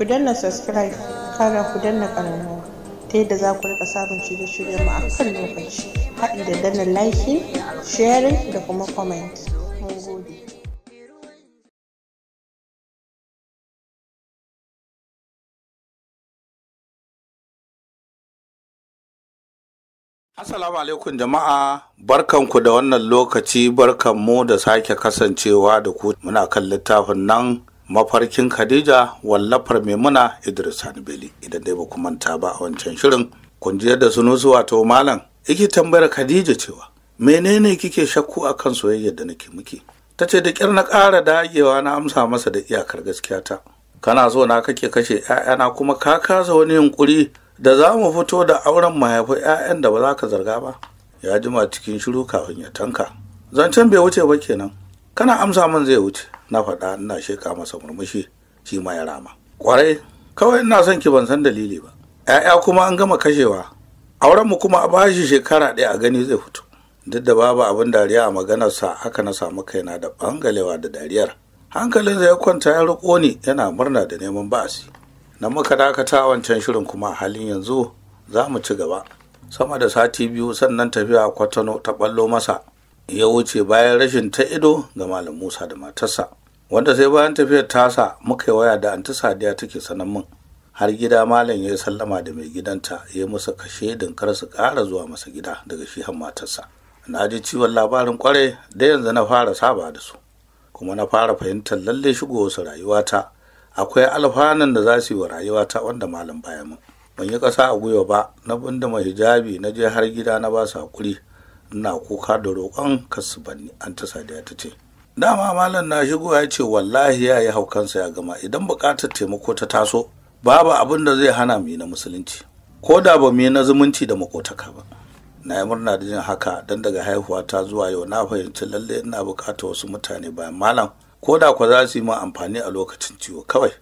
ku danna subscribe kara ku danna ƙararrawa ta yadda za ku rika samun shirye shiryen mu a kan lokaci haɗi da danna like sharing da kuma comment mun Assalamu alaikum jama'a barkanku da wannan lokaci barkan mu da sake kasancewa da ku muna kan littafin nan mafarkin khadija wallafar maimuna idris hanbeli idan dai ba ku manta ba a wancan shirin kun ji yadda sunusu wato malam yake tambayar khadija cewa menene kike shakku akan soyayyar da nake miki ta ce da kyar na ƙara dagewa na amsa masa da iyakar gaskiya ta kana so na kake kashe 'ya'yana kuma ka kasa wani yunkuri da za mu fito da auren mahaifin 'ya'yan da ba za ka zarga ba ya jima cikin shiru kafin ya tanka zancen bai wuce ba kenan kana amsa min zai wuce na faɗa ina sheka masa murmushi shi ma ya rama kwarai kawai ina son ki ban san dalili ba ‘ya'ya kuma an gama kashewa auren mu kuma a bashi shekara ɗaya a gani zai fito duk da babu abin dariya a maganarsa haka na samu kaina da bangalewa da dariyar hankalin ya kwanta ya riko ni yana murna da neman ba'asi na muka dakata wancan shirin kuma a halin yanzu za mu ci gaba sama da sati biyu sannan tafiya kwatano ta ballo masa ya wuce bayan rashin ta ido ga malam musa da matarsa wanda sai bayan tafiyar tasa muka yi waya da anti sadiya take sanan mun. har gida malam ya sallama da mai gidanta ya musa kashe kar su ƙara zuwa masa gida daga shi har matarsa na ji ciwon labarin kwarai da yanzu na fara saba da su kuma na fara fahimtar lalle shigo su rayuwata akwai alfanan da za su yi wa rayuwata wanda malam baya mun. ban yi ƙasa a gwiwa ba na bunda mai hijabi na je har gida na ba su haƙuri ina kuka da roƙon kasu banni an ta sadiya ta ce dama malam na shigo ya ce wallahi ya yi haukansa ya gama idan buƙatar taimako ta taso babu abin da zai hana mu na musulunci ko da ba mu na zumunci da makotaka ba na yi murna da jin haka don daga haihuwa ta zuwa yau na fahimci lalle ina buƙatar wasu mutane bayan malam ko da kwa za su yi min amfani a lokacin ciwo kawai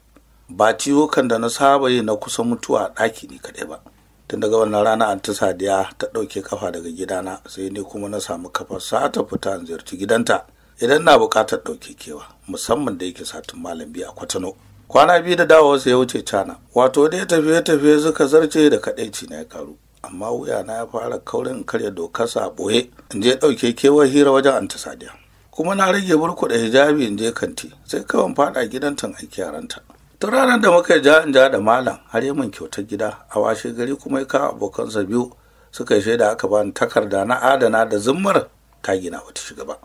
ba ciwo kan da na saba yi na kusa mutuwa a ɗaki ne kaɗai ba tun daga wannan rana ta sadiya ta ɗauke kafa daga gidana sai ni kuma na samu kafar sa ta fita in ziyarci gidanta idan na buƙatar ɗauke kewa musamman da yake satin malam biyu a kwatano kwana biyu da dawowa sai ya wuce cana wato dai tafiye tafiye suka zarce da kaɗaici na ya karu amma wuya na ya fara kaurin karya dokar a ɓoye in je ɗauke kewar hira wajen ta sadiya kuma na rage burkuɗa hijabi in je kanti sai kawai faɗa gidan tan aiki yaranta ta ranar da muka ja in ja da malam har yi min kyautar gida a washe gari kuma ya abokansa biyu suka yi shaida aka bani takarda na adana da zummar ta gina wata shiga ba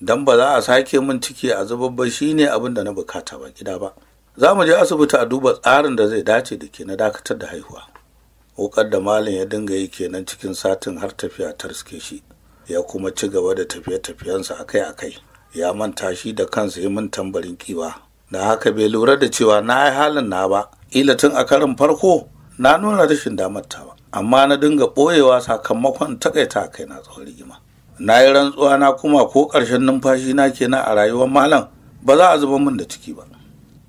dan ba za a sake min ciki a zubabba ne abin da na bukata ba gida ba za mu je asibiti a duba tsarin da zai dace da ke na dakatar da haihuwa wukar da malam ya dinga yi kenan cikin satin har tafiya ta riske shi ya kuma ci gaba da tafiye-tafiyensa akai-akai ya manta shi da kansa ya min tambarin kiwa da haka bai lura da cewa na yi halin na ba ila tun a karin farko na nuna rashin damarta ba amma na dinga ɓoyewa sakamakon takaita kai na tsawon rigima na yi rantsuwa na kuma ko ƙarshen numfashi na kenan a rayuwar malam ba za a zuba min da ciki ba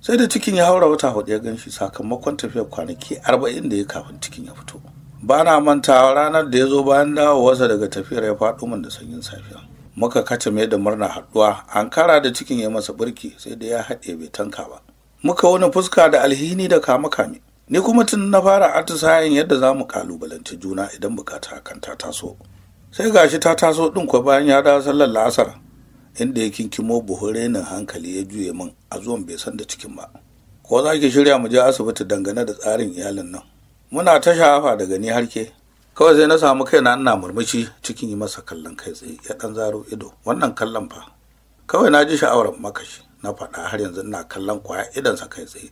sai da cikin ya haura wata hudu ya gan shi sakamakon tafiyar kwanaki arba'in da ya kafin cikin ya fito ba na mantawa ranar da ya zo bayan dawowarsa daga tafiyar ya faɗo min da sanyin safiya muka kace mai da murna haɗuwa an kara da cikin ya masa burki sai da ya haɗe bai tanka ba muka wani fuska da alhini da kame kame ni kuma tun na fara atisayen yadda za mu kalubalanci juna idan bukata kan ta taso sai gashi ta taso ɗin kwa bayan ya dawo sallar la'asar inda ya kinkimo buhu renin hankali ya juye min a zuwan bai san da cikin ba ko za ki shirya mu je asibiti dangane da tsarin iyalin nan muna ta shafa daga ni harke kawai sai na samu kaina ina murmushi cikin yi masa kallon kai tsaye ya ɗan zaro ido wannan kallon fa kawai na ji sha'awar makashi na faɗa har yanzu ina kallon kwaya sa kai tsaye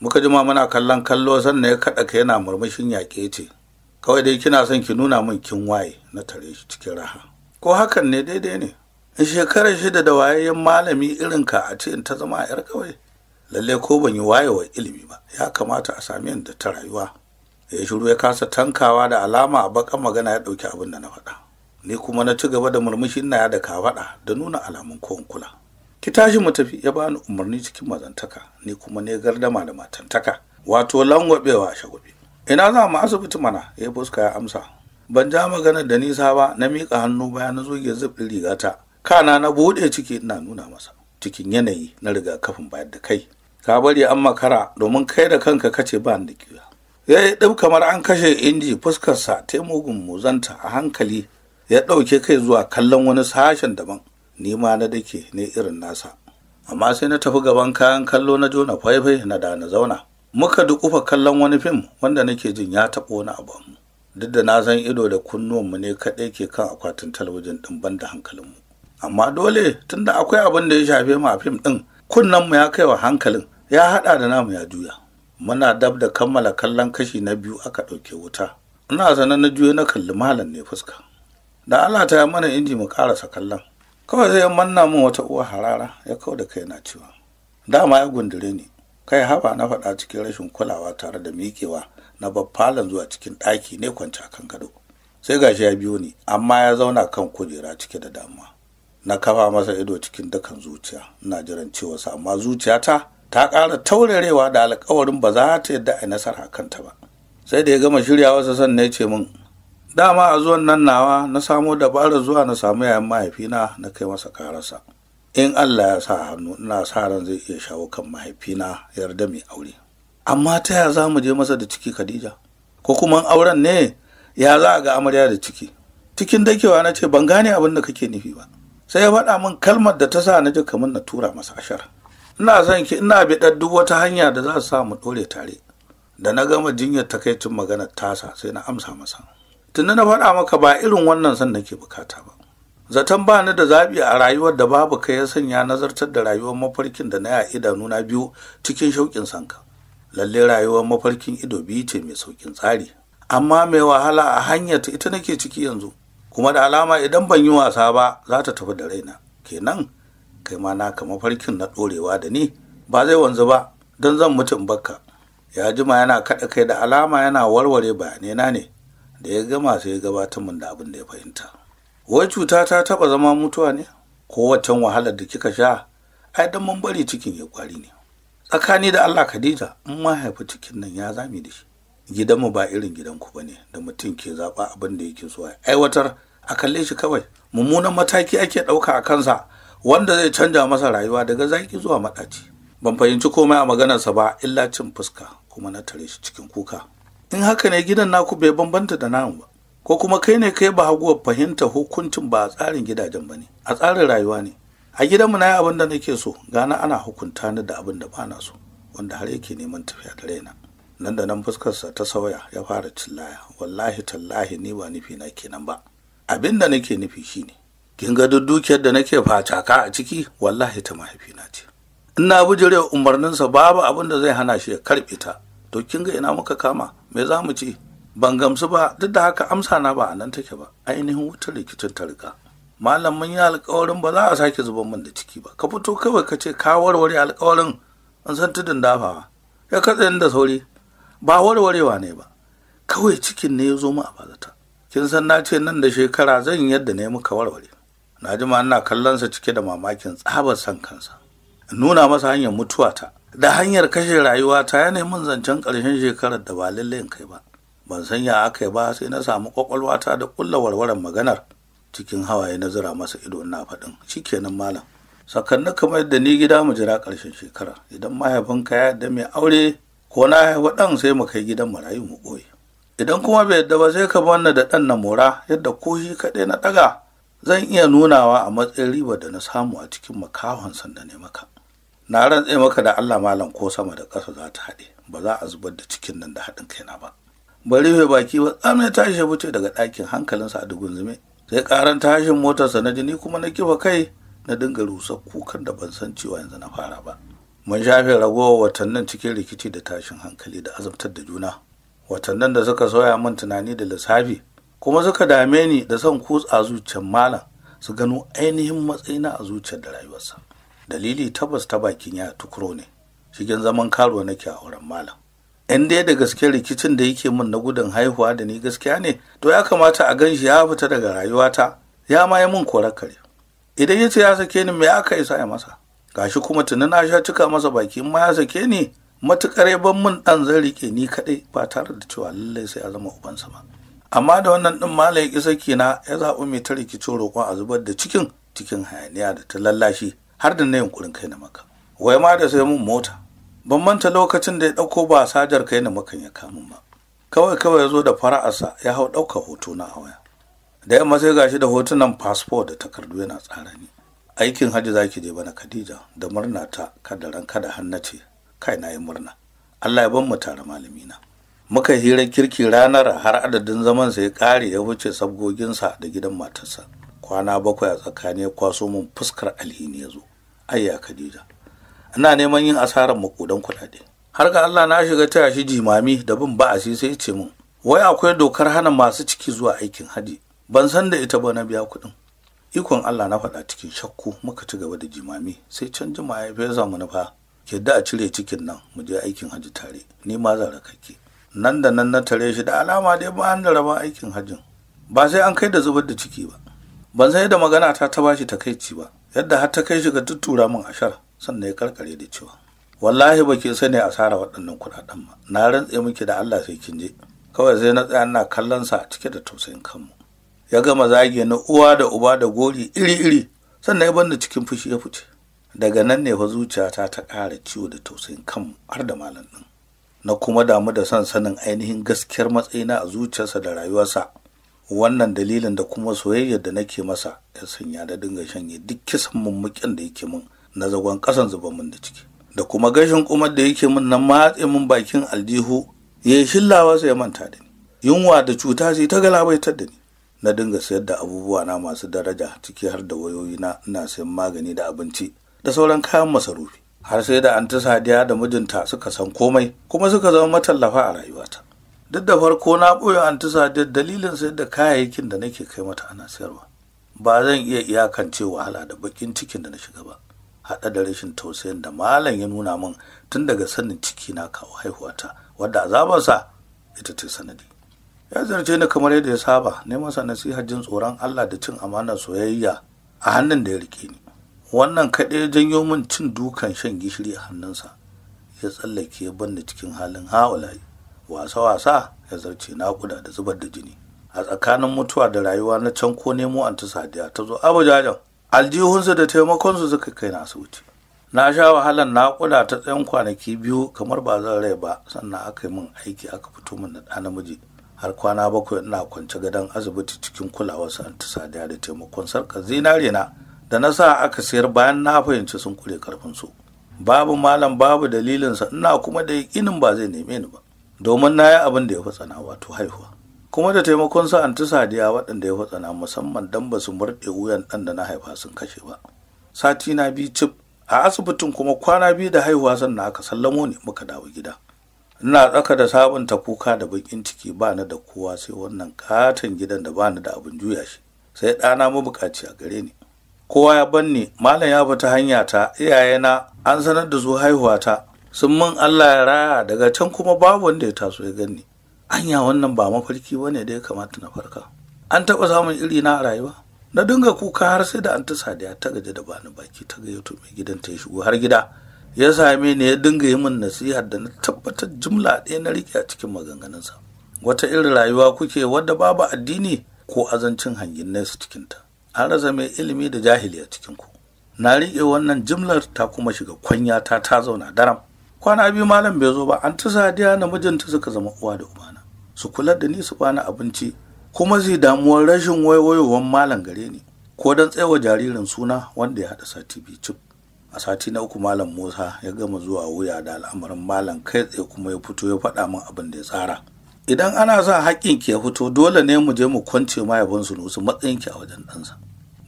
muka ji ma muna kallon kallo sannan ya kaɗa ka yana murmushin yaƙe ce kawai dai kina son ki nuna min kin waye na tare shi cikin raha ko hakan ne daidai ne in shekarar shida da wayayyen malami irin ka a ce in ta zama a yar kawai lalle ko ban yi wayewa ilimi ba ya kamata a sami da ta rayuwa ya shiru ya kasa tankawa da alama a bakan magana ya ɗauki abin da na faɗa ni kuma na ci gaba da murmushi ina ya da ka faɗa da nuna alamun kowan kula ki tashi mu tafi ya bani umarni cikin mazantaka ni kuma ne gardama da matantaka wato langwabewa shagobe ina za mu asibiti mana ya fuska ya amsa ban ja magana da nisa ba na miƙa hannu bayan na zoge zubin rigata kana na buɗe ciki ina nuna masa cikin yanayi na rigakafin bayar da kai ka bari an makara domin kai da kanka kace ba da kiwa ya yi ɗin kamar an kashe inji fuskarsa ta mugun muzanta a hankali ya ɗauke kai zuwa kallon wani sashen daban ni ma na dake ne irin nasa amma sai na tafi gaban kayan kallo na jona faifai na da na zauna muka dukufa kallon wani fim wanda nake jin ya taɓo wani abu duk da na san ido da kunnuwanmu ne kaɗai ke kan akwatin talabijin ɗin ban da hankalinmu amma dole tunda akwai abin da ya shafe mu a fim ɗin kunnenmu ya kai wa hankalin ya haɗa da namu ya juya muna dab da kammala kallon kashi na biyu aka ɗauke wuta ina sanar na juyo na kalli malam ne fuska da allah ta yi mana inji mu karasa kallon kawai zai manna min wata uwa harara ya kau da kai na cewa dama ya gundure ni kai haba na faɗa cikin rashin kulawa tare da miƙewa na falon zuwa cikin ɗaki ne kwanci a kan gado sai gashi ya biyo ni amma ya zauna kan kujera cike da damuwa na kafa masa ido cikin dakan zuciya ina jiran cewa amma zuciyata ta ƙara taurarewa da alkawarin ba za ta yadda a nasara a kanta ba sai da ya gama shiryawa sa sannan ya ce min dama a zuwan nan nawa na samo dabarar zuwa na samu yayan mahaifina na kai masa karasa in allah ya sa hannu ina sa ran zai iya shawo kan mahaifina yarda mai aure amma ta ya za mu je masa da ciki khadija ko kuma auren ne ya za a ga amarya da ciki cikin dakewa na ce ban gane abin da kake nufi ba sai ya faɗa min kalmar da ta sa na ji kamar na tura masa ashar ina son ki ina biɗar duk wata hanya da za su sa mu dore tare da na gama jinyar takaicin maganar tasa sai na amsa masa tunda na faɗa maka ba irin wannan son nake bukata ba zaton ba ni da zaɓi a rayuwar da babu kai ya sanya nazartar da rayuwar mafarkin da na ya nuna biyu cikin shauƙin sanka lalle rayuwar mafarkin ido biyu ce mai sauƙin tsari amma mai wahala a hanyar ta ita nake ciki yanzu kuma da alama idan ban yi wasa ba za ta tafi da raina kenan kai ma naka mafarkin na ɗorewa da ni ba zai wanzu ba don zan mutum bakka ya jima yana kaɗa kai da alama yana warware bayanai na ne da ya gama sai ya gabatar min da abin da ya fahimta wai cuta ta taɓa zama mutuwa ne ko waccan wahalar da kika sha ai dan mun bari cikin ya kwari ne tsakani da Allah Khadija in ma haifi cikin nan ya zame da shi gidanmu ba irin gidanku ba ne, da mutum ke zaɓa abin da yake so aiwatar a kalle shi kawai mummunan mataki ake ɗauka a kansa wanda zai canja masa rayuwa daga zaki zuwa maɗaci ban fahimci komai a maganarsa ba illa cin fuska kuma na tare shi cikin kuka in haka ne gidan naku bai bambanta da namu ba ko kuma kai ne kai ba haguwar fahimta hukuncin ba a tsarin gidajen ba ne a tsarin rayuwa ne a gidanmu na yi abin da nake so gana ana hukunta ni da abin da bana so wanda har yake neman tafiya da raina nan da nan fuskarsa ta sauya ya fara cin cillaya wallahi tallahi ni ba nufi na kenan ba abin da nake nufi shine kin ga duk dukiyar da nake ka a ciki wallahi ta mahaifina ce ina umarnin umarninsa babu abin da zai hana shi ya karbe ta to kin ga ina muka kama me za mu ci ban gamsu ba duk da haka amsa na ba a nan take ba ainihin wutar rikicin ta riga malam mun yi alƙawarin ba za a sake zuban min da ciki ba ka fito kawai ka ce ka warware alƙawarin an san tudun dafawa ya katse da sauri ba warwarewa ne ba kawai cikin ne ya zo mu a bazata kin san na ce nan da shekara zan yi yadda ne muka warware na ma ina kallon sa cike da mamakin tsabar san kansa nuna masa hanyar mutuwa ta da hanyar kashe rayuwa ta ya nemi zancen ƙarshen shekarar da ba lallai in kai ba ban san ya aka yi ba sai na samu kwakwalwata da ƙulla warwaren maganar cikin hawaye na zira masa ido ina faɗin shikenan malam sakanni kamar da ni gida mu jira ƙarshen shekara idan mahaifinka ya yarda mai aure ko na haifa ɗan sai mu kai gidan marayu mu ɓoye idan kuma bai yadda ba sai ka bana da ɗan na mora yadda ko shi kaɗai na ɗaga zan iya nunawa a matsayin riba da na samu a cikin makahon sanda ne maka na rantse maka da Allah malam ko sama da ƙasa za ta haɗe ba za a zubar da cikin nan da haɗin kaina ba bari mai baki ba tsamin ya tashi wuce daga ɗakin hankalinsa a dugun zume sai ƙaran tashin motarsa na jini kuma na kifa kai na dinga rusa kukan da ban san cewa yanzu na fara ba mun shafe ragowa watannin cikin rikici da tashin hankali da azabtar da juna watannin da suka soya min tunani da lissafi kuma suka dame ni da son kutsa zuciyar malam su gano ainihin matsayina a zuciyar da rayuwarsa dalili tabbas ta bakin ya tukuro ne shigen zaman karuwa nake a wurin malam in dai da gaske rikicin da yake min na gudun haihuwa da ni gaskiya ne to ya kamata a gan shi ya fita daga rayuwata ya ma yi min korar kare idan ya ce ya sake ni me aka isa ya masa gashi kuma tuni na sha cika masa baki ma ya sake ni matukar ban min dan zan rike ni kadai ba tare da cewa lallai sai a zama ubansa ba amma da wannan ɗin malayi ya ƙi na ya zaɓi mai ta rikicin roƙon a zubar da cikin cikin hayaniya da ta lallashi har da na yunkurin kai na maka wai ma da sai mun mota ban manta lokacin da ya ɗauko ba sajar kai na makan ya kamun ba kawai kawai ya zo da fara'arsa ya hau ɗaukar hoto na a waya da yamma sai gashi da hotunan fasfo da takardu yana tsara ni aikin hajji zaki je bana khadija da murna ta kada ran kada hannace kai na yi murna allah ya ban mu tare malamina muka hira kirki ranar har adadin zaman sai kare ya wuce sabgoginsa da gidan matarsa kwana bakwai a tsakani ya kwaso mun fuskar alhini ya zo ayya Kadija. ina neman yin asarar makudan kuɗaɗe har ga allah na shiga taya shi jimami da bin ba'asi sai ce mun wai akwai dokar hana masu ciki zuwa aikin haji ban san da ita ba na biya kuɗin ikon allah na faɗa cikin shakku muka ci gaba da jimami sai can jima ya fesa mu nufa yadda a cire cikin nan mu je aikin haji tare ni ma zarakake nan da nan na tare shi da alama dai ba an da aikin hajjin ba sai an kai da zubar da ciki ba ban sai da magana ta ta bashi takaici ba yadda har ta kai shi ga tuttura min ashar sannan ya karkare da cewa wallahi ba ke sani asara waɗannan kuɗaɗen ba na rantse miki da Allah sai kin je kawai sai na tsaya ina kallon sa cike da tausayin kanmu ya gama zage na uwa da uba da gori iri iri sannan ya banni cikin fushi ya fice daga nan ne fa zuciyata ta ƙara ciwo da tausayin kanmu har da malam ɗin na kuma damu da son sanin ainihin gaskiyar matsayina a zuciyarsa da rayuwarsa wannan dalilin da kuma soyayyar da nake masa ya sanya da dinga shanye duk kisan mummukin da yake min na zagon kasan zuba min da ciki da kuma gashin kumar da yake min na matse min bakin aljihu ya yi shillawa sai ya manta da ni yunwa da cuta sai ta galabaitar da ni na dinga sayar da abubuwa na masu daraja ciki har da wayoyi na ina sayan magani da abinci da sauran kayan masarufi har sai da anti sadiya da mijinta suka san komai kuma suka zama matallafa a rayuwata duk da farko na ɓoye anti sadiya dalilin sayar da kayayyakin da nake kai mata ana sayarwa ba zan iya iyakance wahala da bakin cikin da na shiga ba haɗa da rashin tausayin da malam ya nuna min tun daga sanin ciki na kawo haihuwata wadda azabarsa ita ce sanadi ya zarce ni kamar yadda ya saba neman sa nasihar jin tsoron Allah da cin amanar soyayya a hannun da ya rike ni wannan kaɗai ya janyo min cin dukan shan gishiri a hannunsa ya tsallake ya banni cikin halin ha'ulayi wasa-wasa ya zarce naƙuda da zubar da jini a tsakanin mutuwa da rayuwa na can ko nemo ta sadiya ta zo abujajen aljihunsu da taimakonsu suka kai na su wuce na sha wahalar naƙuda ta tsayin kwanaki biyu kamar ba zan rai ba sannan aka yi min aiki aka fito min na ɗa namiji har kwana bakwai ina kwance gadon asibiti cikin kulawarsa ta sadiya da taimakon sarkar zinare na da na sa aka sayar bayan na fahimci sun kure karfinsu babu malam babu dalilinsa ina kuma da yakinin ba zai neme ni ba domin na yi abin da ya fi tsana wato haihuwa kuma da taimakon sa ta sadiya waɗanda ya fi tsana musamman dan ba su murɗe wuyan ɗan da na haifa sun kashe ba sati na biyu cif a asibitin kuma kwana biyu da haihuwa sannan aka sallamo ne muka dawo gida ina tsaka da sabunta kuka da bakin ciki ba na da kowa sai wannan katon gidan da ba da abin juya shi sai ɗana mabuƙaci a gare ni kowa ya banni malam ya bata hanya ta iyayena an sanar da su ta. sun min allah ya raya daga can kuma babu wanda ya taso ya ganni anya wannan ba mafarki ba ne da ya kamata na farka an taɓa samun iri na a rayuwa na dinga kuka har sai da an ta sadiya ta gaje da bani baki ta gayyato mai gidan ta shigo har gida ya same ni ya dinga yi min nasihar da na tabbatar jumla ɗaya na rike a cikin maganganunsa wata irin rayuwa kuke wadda babu addini ko azancin hangin nesa cikinta an rasa mai ilimi da jahili a cikinku. na riƙe wannan jimlar ta kuma shiga kwanya ta ta zauna daram kwana biyu malam bai zo ba an ta sadiya na mijinta suka zama uwa da ubana su kula da ni su bani abinci kuma zai damuwar rashin waiwayowar malam gare ni ko don tsayawa jaririn suna wanda ya haɗa sati biyu cif a sati na uku malam musa ya gama zuwa wuya da al'amarin malam kai tsaye kuma ya fito ya faɗa min abin da ya tsara idan ana son haƙƙin ki ya fito dole ne mu je mu kwance mahaifin sunusu matsayin ki a wajen ɗansa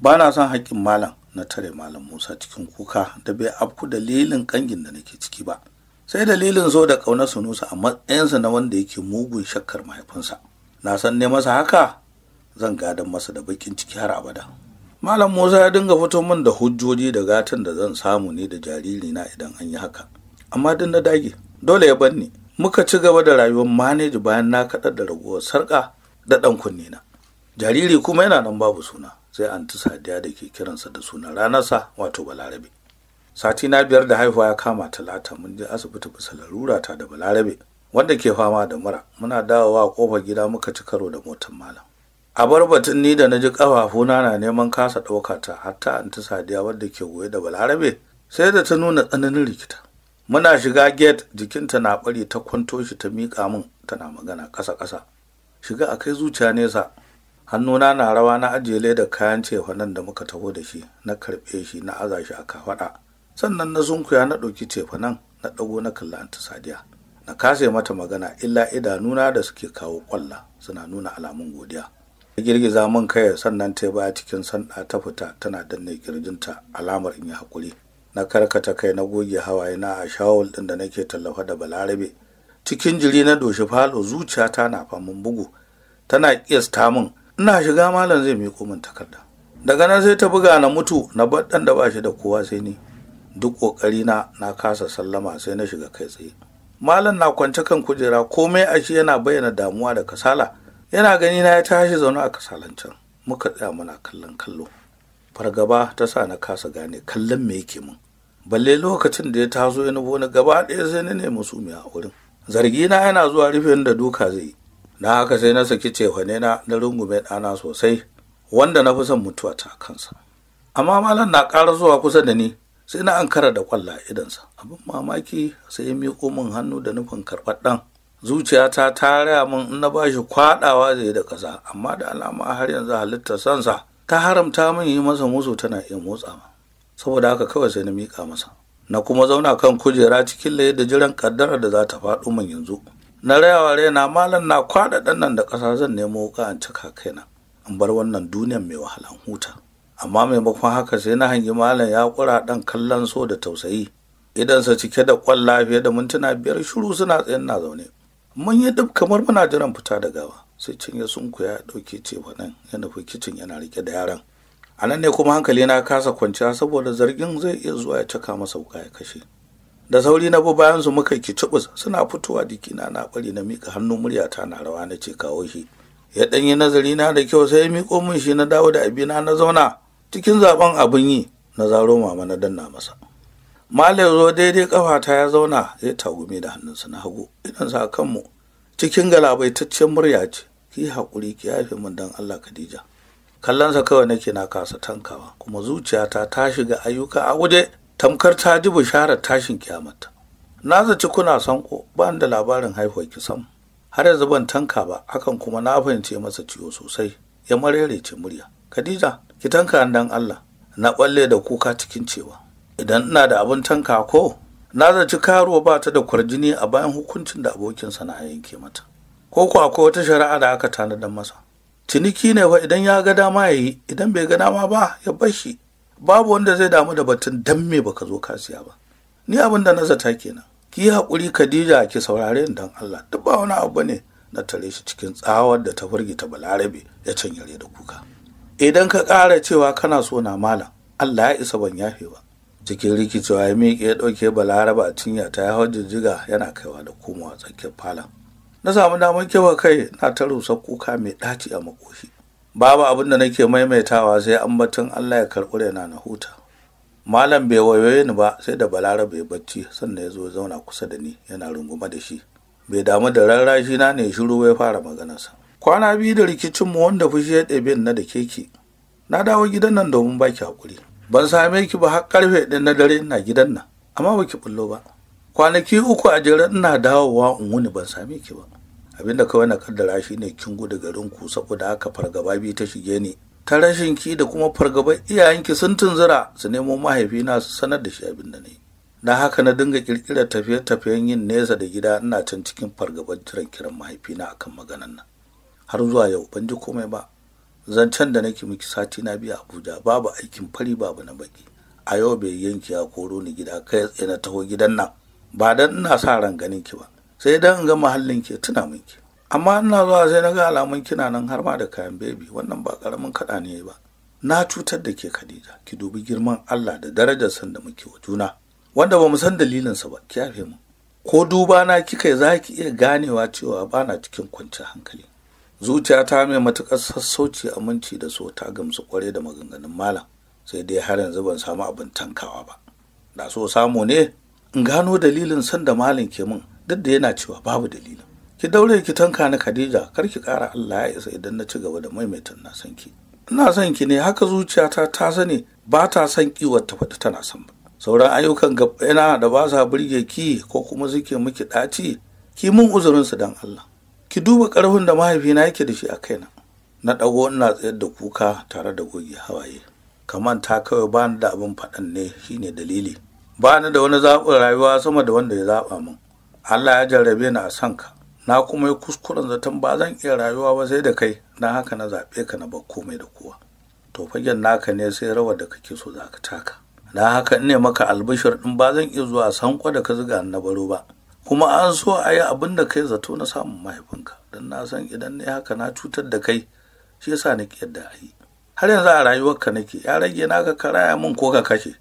ba na son haƙƙin malam na tare malam musa cikin kuka da bai afku dalilin ƙangin da nake ciki ba sai dalilin so da ƙaunar nusu a matsayinsa na wanda yake mugun shakkar mahaifinsa na san ne masa haka zan gadon masa da bakin ciki har abada malam musa ya dinga fito min da hujjoji da gatan da zan samu ne da jaririna idan an yi haka amma din na dage dole ya bar ni muka ci gaba da rayuwar maneji bayan na kaɗa da raguwar sarƙa da ɗan kunne na jariri kuma yana nan babu suna sai anti sadiya da ke kiransa da suna ranarsa wato balarabe sati na biyar da haihuwa ya kama talata mun je asibiti bisa larura ta da balarabe wanda ke fama da mura muna dawowa a kofar gida muka ci karo da motar malam a bar batun ni da na ji ƙafafuna na neman kasa ɗauka ta hatta anti sadiya wadda ke goye da balarabe sai da ta nuna tsananin rikita muna shiga gate jikinta na bari ta kwanto shi ta miƙa mun tana magana ƙasa-ƙasa shiga a kai zuciya nesa hannuna na rawa na ajiye da kayan cefanen da muka taho da shi na karɓe shi na aza shi a kafaɗa sannan na zunkuya na ɗauki cefanen na ɗago na kalla anta sadiya na kase mata magana illa idanuna da suke kawo ƙwalla suna nuna alamun godiya ta girgiza min kai sannan ta baya cikin sanda ta fita tana danne kirjinta alamar in yi haƙuri na karkata kai na goge hawaye na a shawul ɗin da nake tallafa da balarabe cikin jiri na doshi falo zuciyata na famin bugu tana kiyasta min ina shiga malam zai miƙo min takarda daga nan sai ta buga na mutu na bar ɗan da ba shi da kowa sai ni duk ƙoƙari na na kasa sallama sai na shiga kai tsaye malam na kwance kan kujera komai a shi yana bayyana damuwa da kasala yana gani na ya tashi zaune a kasalancin muka tsaya muna kallon kallo fargaba ta sa na kasa gane kallon me yake mun balle lokacin da ya taso ya nufo ni gaba ɗaya sai na nemi sumi a wurin zargi na yana zuwa rufin da duka zai na haka sai na saki cefane na na rungume ɗana sosai wanda na fi son mutuwa ta kansa amma malam na ƙara zuwa kusa da ni sai na ankara da kwalla idansa abin mamaki sai ya miƙo min hannu da nufin karɓar ɗan zuciyata ta raya min in na bashi kwaɗawa zai da ƙasa amma da alama har yanzu halittar sansa ta haramta min yi masa musu tana iya motsawa saboda haka kawai sai na miƙa masa na kuma zauna kan kujera cikin laye da jiran kaddara da za ta faɗo min yanzu na rayawa raina malam na kwaɗa ɗan nan da ƙasa zan nemo wuka in cika kaina in bar wannan duniyan mai wahalan huta amma maimakon haka sai na hangi malam ya ƙura ɗan kallon so da tausayi Idan idansa cike da ƙwalla fiye da mintuna biyar shiru suna tsayin na zaune mun yi duk kamar muna jiran fita da gawa sai cinye ya sunkuya ya ɗauke ce nan ya nufi kicin yana riƙe da yaran a nan ne kuma hankali na kasa kwanciya saboda zargin zai iya zuwa ya caka masa wuka ya kashe da sauri na bi bayan su muka ki cibus suna fitowa jikina na bari na mika hannu muryata na rawa na ce kawo shi ya yi nazari na da kyau sai ya miƙo min shi na dawo da abina na zauna cikin zaben abin yi na zaro mama na danna masa mala ya zo daidai kafata ya zauna ya tagumi da hannunsa na hagu idan sa kanmu cikin galabaitaccen murya ce ki haƙuri ki haife mun dan Allah Khadija kallonsa kawai nake na kasa tankawa kuma zuciyata ta shiga ayyuka a waje tamkar ta ji bisharar tashin kyamata na zaci kuna sanko ba da labarin haifuwar ki sam har yanzu ban tanka ba hakan kuma na fahimce masa ciwo sosai ya marerece murya khadija ki tanka dan allah na balle da kuka cikin cewa idan ina da abin tanka ko na zaci karuwa ba ta da kwarjini a bayan hukuncin da abokinsa na yanke mata ko ko akwai wata shari'a da aka tanadar masa ciniki ne fa idan ya ga dama ya yi idan bai ga dama ba ya bar shi babu wanda zai damu da batun dan me baka zo ka siya ba ni abin da na zata kenan ki yi haƙuri Khadija ki saurare ni dan Allah duk ba wani abu ne na tare shi cikin tsawar da ta firgita Balarabe ya canyare da kuka idan ka ƙara cewa kana so na malam Allah ya isa ban yafe ba cikin rikicewa ya miƙe ya ɗauke Balarabe a cinya ta ya hau jijjiga yana kaiwa da komawa tsakiyar falon na samu damar kewa kai na ta rusa kuka mai daci a makoshi babu abin da nake maimaitawa sai an ambaton allah ya karɓi raina na huta malam bai wayoyi ni ba sai da balarabe bacci sannan ya zo zauna kusa da ni yana runguma da shi bai damu da rarrashi na ne shiru ya fara maganarsa kwana biyu da rikicinmu wanda fushi ya ɗebe na da keke na dawo gidan nan domin ba ki haƙuri ban same ki ba har karfe ɗin na dare ina gidan nan amma ba ki ɓullo ba kwanaki uku a jere ina dawowa in wuni ban same ki ba abinda kawai na kaddara shi ne kin gudu garin ku saboda haka fargaba biyu ta shige ni ta rashin ki da kuma fargaba iyayenki sun tunzura su nemo mahaifina su sanar da shi abin da ne na haka na dinga kirkirar tafiye-tafiyen yin nesa da gida ina can cikin fargabar jiran kiran mahaifina akan maganan nan har zuwa yau ban ji komai ba zancen da nake miki sati na biya abuja babu aikin fari babu na baki a yau bai yanki ya koro ni gida kai tsaye na taho gidan nan ba dan ina sa ran ganin ki ba sai dan in ga muhallin ke tuna min ki amma ina zuwa sai na ga alamun kina nan har ma da kayan bebi wannan ba karamin kaɗa ne ba na cutar da ke Khadija ki dubi girman Allah da darajar san da muke wa juna wanda ba mu san dalilin sa ba ki yafe mu ko duba na kika za ki iya ganewa cewa ba na cikin kwanciyar hankali zuciya ta mai matukar sassauci aminci da so ta gamsu kware da maganganun malam sai dai har yanzu ban samu abin tankawa ba da so samu ne in gano dalilin san da malam ke min duk da yana cewa babu dalilin ki daure ki tanka na Khadija kar ki kara Allah ya isa idan na ci gaba da maimaitan na san ki ina son ki ne haka zuciyata ta sani ba ta son kiwar ta faɗi tana son ba sauran ayyukan gabaina da ba sa burge ki ko kuma suke miki ɗaci ki mun uzurin su dan Allah ki duba ƙarfin da mahaifina yake da shi a kaina na ɗago ina tsayar da kuka tare da goge hawaye kamar ta kawai ba da abin faɗan ne shine dalili ba da wani zaɓin rayuwa sama da wanda ya zaɓa min Allah ya jarrabe ni a sanka. na kuma yi kuskuren zaton ba zan iya rayuwa ba sai da kai na haka na zaɓe ka na ba komai da kowa to fagen naka ne sai rawar da kake so za ka taka na haka ne maka albishir din ba zan iya zuwa sanko da ka zuga na baro ba kuma an so a yi abin da kai zato na samun mahaifinka don na san idan ne haka na cutar da kai shi yasa na yadda a yi har yanzu a rayuwar rayuwarka nake ya rage naka karaya min ko ka kashe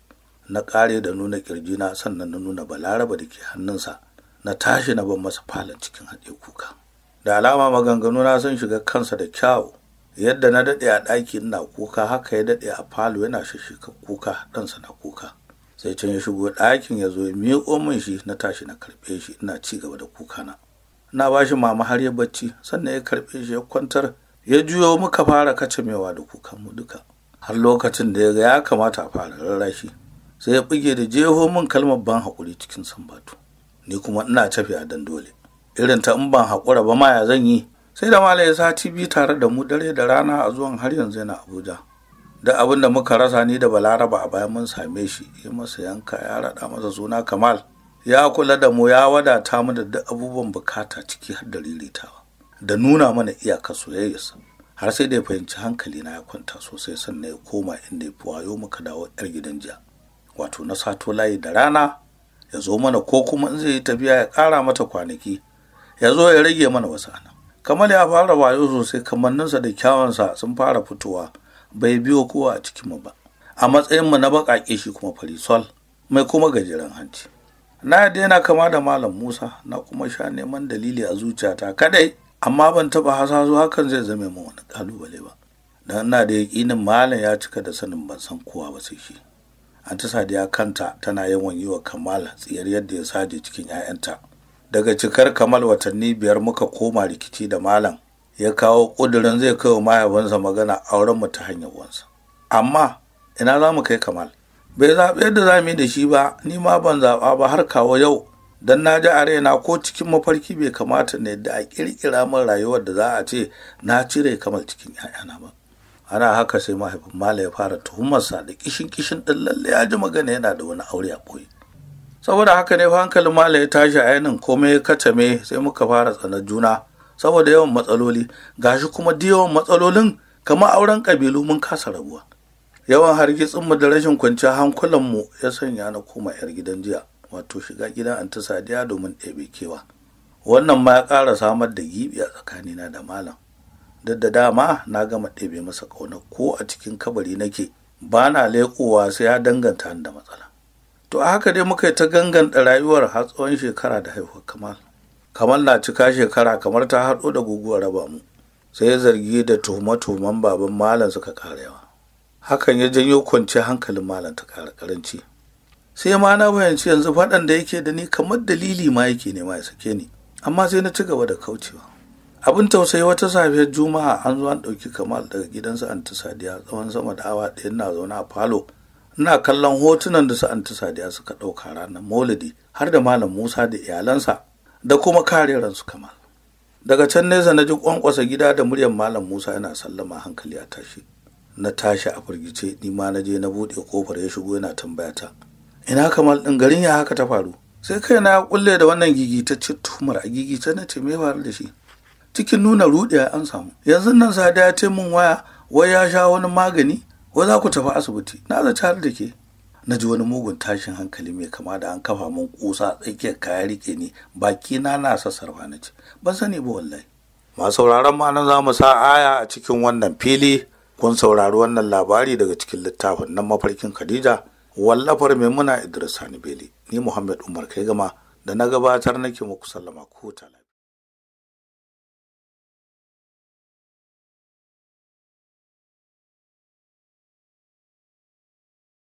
na ƙare da nuna na sannan na nuna balaraba da ke hannunsa na tashi na ban masa falon cikin haɗe kuka da alama maganganu na sun shiga kansa da kyawu yadda na daɗe a ɗaki ina kuka haka ya daɗe a falo yana shishika kuka ɗansa na kuka sai can ya shigo ɗakin ya zo ya miƙo min shi na tashi na karɓe shi ina ci gaba da kuka na na ba shi mama har ya bacci sannan ya karɓe shi ya kwantar ya juyo muka fara kacamewa da kukan mu duka har lokacin da ya ga ya kamata a fara rarrashi sai ya buge da jeho min kalmar ban haƙuri cikin sambatu ni kuma ina cafe dan dole irin ta in ban haƙura ba maya zan yi sai da malai sati biyu tare da mu dare da rana a zuwan har yanzu yana abuja da abin da muka rasa ni da balaraba a bayan mun same shi yi masa yanka ya raɗa masa suna kamal ya kula da mu ya wadata mu da duk abubuwan bukata ciki har da riritawa da nuna mana iyaka soyayyarsa har sai da ya fahimci hankali na ya kwanta sosai sannan ya koma inda ya fi wayo muka dawo 'yar gidan jiya wato na sato layi da rana ya zo mana ko kuma in zai yi tafiya ya ƙara mata kwanaki ya zo ya rage mana wasu anan kamal ya fara wayo sosai kamanninsa da kyawansa sun fara fitowa bai biyo kowa a cikinmu ba a matsayinmu na baƙaƙe shi kuma farisol mai kuma gajeren hanci na yadda yana kama da malam musa na kuma sha neman dalili a zuciyata kadai amma ban taɓa hasaso hakan zai zame mu wani ƙalubale ba don ina da yaƙinin malam ya cika da sanin ban san kowa ba sai shi ta sadiya kanta tana yawan yi wa kamal tsiyar yadda ya saje cikin 'ya'yanta daga cikar kamal watanni biyar muka koma rikici da malam ya kawo ƙudurin zai kai wa mahaifinsa magana auren mu ta hanyar wansa amma ina za mu kai kamal bai zaɓi yadda za mu yi da shi ba ni ma ban zaɓa ba har kawo yau don na ji a raina ko cikin mafarki bai kamata ne da a ƙirƙira min rayuwar da za a ce na cire kamal cikin 'ya'yana ba ana haka sai mahaifin mala ya fara tuhumarsa da kishin kishin ɗin lalle ya ji magana yana da wani aure a ɓoye saboda haka ne hankalin mala ya tashi ainin komai ya katame sai muka fara tsanar juna saboda yawan matsaloli gashi kuma duk yawan matsalolin kama auren ƙabilu mun kasa rabuwa yawan hargitsinmu da rashin kwanciyar hankulanmu ya sanya na koma 'yar gidan jiya wato shiga gidan anti sadiya domin ɗebe kewa wannan ma ya ƙara samar da gibi a tsakanina da malam duk da dama na gama ɗebe masa ƙauna ko a cikin kabari nake ba na leƙowa sai ya danganta da matsala to a haka dai muka yi ta ganganta rayuwar har tsawon shekara da haihuwar kamal kamal na cika shekara kamar ta haɗo da guguwar raba mu sai zargi da tuhuma-tuhuman baban malam suka ƙarewa. hakan ya janyo kwanciyar hankalin malam ta ƙara ƙaranci sai ma na bayanci yanzu faɗan da yake da ni kamar dalili ma yake nema ya sake ni amma sai na ci gaba da kaucewa abin tausayi wata safiyar juma'a an zo an ɗauki kamal daga gidansa anti sadiya tsawon sama da awa ɗaya na zaune a falo ina kallon hotunan da su anti sadiya suka ɗauka ranar maulidi har da malam musa da iyalansa da kuma kare ransu kamal daga can nesa na ji kwankwasa gida da muryar malam musa yana sallama hankali a tashi na tashi a firgice ni ma na je na buɗe kofar ya shigo yana tambaya ta ina kamal ɗin garin ya haka ta faru sai kai na ya kulle da wannan gigitacce tumar a gigice na ce me faru da shi cikin nuna ruɗe an samu yanzu nan sada ya ce min waya wai ya sha wani magani wai za ku tafi asibiti na zaci har da ke na ji wani mugun tashin hankali mai kama da an kafa mun kusa tsakiyar kaya rike ni baki na na sassarfa na ce ban sani ba wallahi masu sauraron ma nan za mu sa aya a cikin wannan fili kun saurari wannan labari daga cikin littafin nan mafarkin khadija wallafar maimuna idris sani bele ni muhammad umar kai gama da na gabatar nake muku sallama ko tala